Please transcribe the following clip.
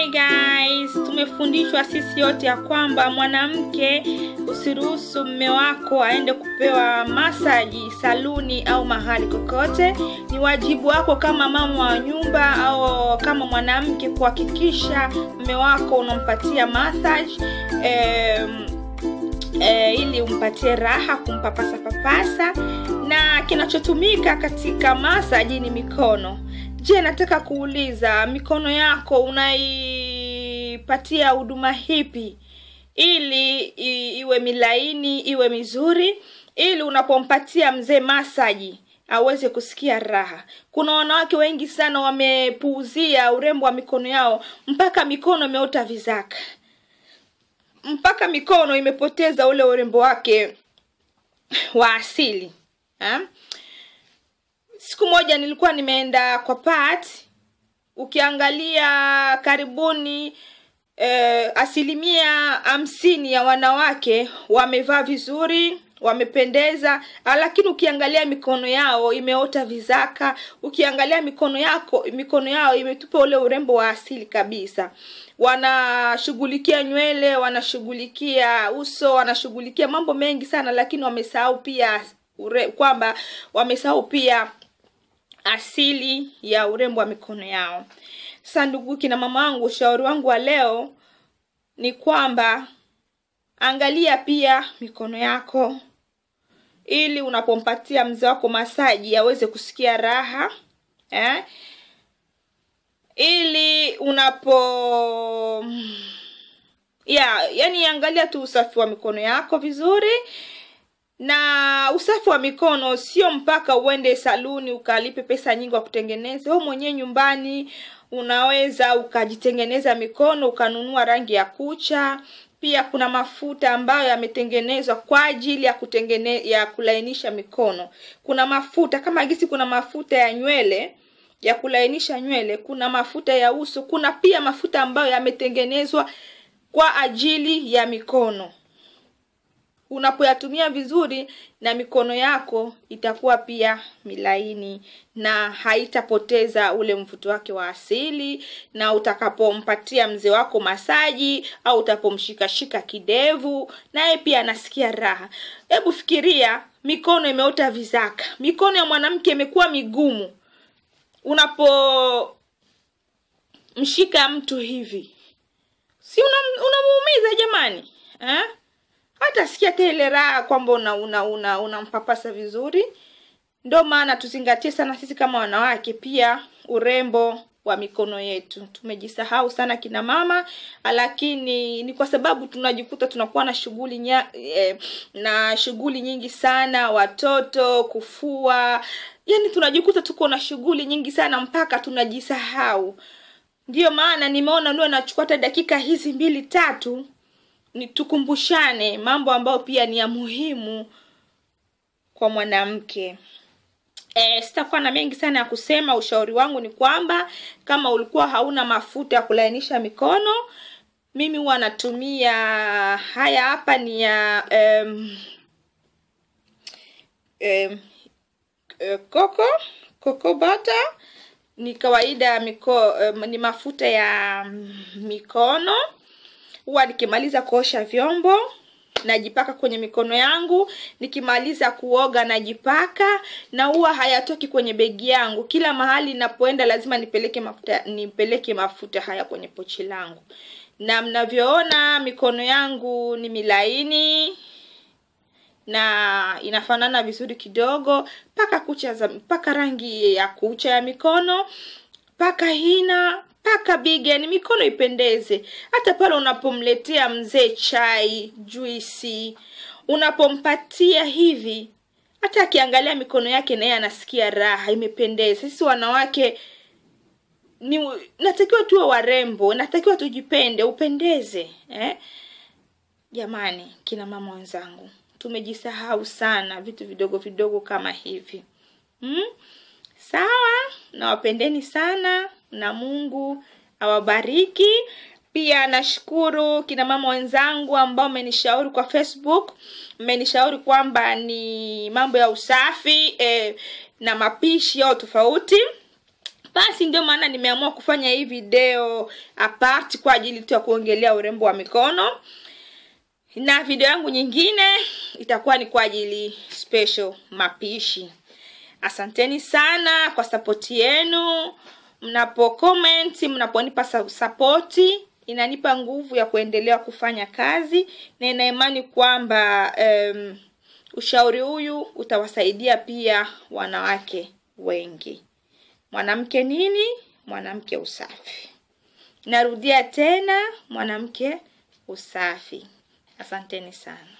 Hi guys, tumefundishwa sisi yote ya kwamba mwanamke usiruhusu mme wako aende kupewa masaji saluni au mahali kokote. Ni wajibu wako kama mama wa nyumba au kama mwanamke kuhakikisha mme wako unampatia massage um, e, ili umpatie raha kumpapasa papasa, na kinachotumika katika masaji ni mikono Je, nataka kuuliza mikono yako unaipatia huduma hipi ili iwe milaini iwe mizuri, ili unapompatia mzee masaji aweze kusikia raha. Kuna wanawake wengi sana wamepuuzia urembo wa mikono yao mpaka mikono imeota vizaka, mpaka mikono imepoteza ule urembo wake wa asili ha? siku moja nilikuwa nimeenda kwa pat ukiangalia karibuni eh, asilimia hamsini ya wanawake wamevaa vizuri wamependeza ah, lakini ukiangalia mikono yao imeota vizaka ukiangalia mikono yako mikono yao imetupa ule urembo wa asili kabisa wanashughulikia nywele wanashughulikia uso wanashughulikia mambo mengi sana lakini wamesahau pia kwamba wamesahau pia asili ya urembo wa mikono yao. Sasa ndugu kina mama wangu, ushauri wangu wa leo ni kwamba angalia pia mikono yako, ili unapompatia mzee wako masaji aweze kusikia raha eh? ili unapo ya yani, angalia tu usafi wa mikono yako vizuri na usafi wa mikono sio mpaka uende saluni ukalipe pesa nyingi wa kutengeneza. Wewe mwenyewe nyumbani unaweza ukajitengeneza mikono, ukanunua rangi ya kucha. Pia kuna mafuta ambayo yametengenezwa kwa ajili ya kutengene, ya kulainisha mikono. Kuna mafuta kama gisi, kuna mafuta ya nywele ya kulainisha nywele, kuna mafuta ya uso, kuna pia mafuta ambayo yametengenezwa kwa ajili ya mikono. Unapoyatumia vizuri na mikono yako itakuwa pia milaini na haitapoteza ule mvuto wake wa asili. Na utakapompatia mzee wako masaji au utapomshikashika kidevu, naye pia anasikia raha. Hebu fikiria, mikono imeota vizaka, mikono ya mwanamke imekuwa migumu. Unapomshika mtu hivi, si unamuumiza? Una jamani eh? hatasikia hata ile raha kwamba unampapasa una, una, una vizuri. Ndio maana tuzingatie sana sisi kama wanawake pia urembo wa mikono yetu. Tumejisahau sana kina mama, lakini ni kwa sababu tunajikuta tunakuwa na shughuli eh, na shughuli nyingi sana, watoto, kufua, yani tunajikuta tuko na shughuli nyingi sana mpaka tunajisahau. Ndiyo maana nimeona niwe nachukua hata dakika hizi mbili tatu ni tukumbushane mambo ambayo pia ni ya muhimu kwa mwanamke e, sitakuwa na mengi sana ya kusema ushauri wangu ni kwamba kama ulikuwa hauna mafuta ya kulainisha mikono mimi huwa natumia haya hapa ni ya um, um, koko koko bata ni kawaida miko, um, ni mafuta ya mm, mikono huwa nikimaliza kuosha vyombo najipaka kwenye mikono yangu, nikimaliza kuoga najipaka, na huwa hayatoki kwenye begi yangu. Kila mahali ninapoenda lazima nipeleke mafuta, nipeleke mafuta haya kwenye pochi langu, na mnavyoona mikono yangu ni milaini na inafanana vizuri kidogo, paka kucha za, paka rangi ya kucha ya mikono, paka hina paka bigani mikono ipendeze, hata pale unapomletea mzee chai, juisi, unapompatia hivi, hata akiangalia mikono yake naye anasikia raha, imependeza. Sisi wanawake ni natakiwa tuwe warembo, natakiwa tujipende, upendeze eh? Jamani, kina mama wenzangu, tumejisahau sana vitu vidogo vidogo kama hivi mm? Sawa, nawapendeni sana na Mungu awabariki. Pia nashukuru kina mama wenzangu ambao mmenishauri kwa Facebook, mmenishauri kwamba ni mambo ya usafi eh, na mapishi yao tofauti. Basi ndio maana nimeamua kufanya hii video apart kwa ajili tu ya kuongelea urembo wa mikono, na video yangu nyingine itakuwa ni kwa ajili special mapishi. Asanteni sana kwa sapoti yenu mnapo comment, mnaponipa sapoti inanipa nguvu ya kuendelea kufanya kazi, na ina imani kwamba um, ushauri huyu utawasaidia pia wanawake wengi. Mwanamke nini? Mwanamke usafi. Narudia tena, mwanamke usafi. Asanteni sana.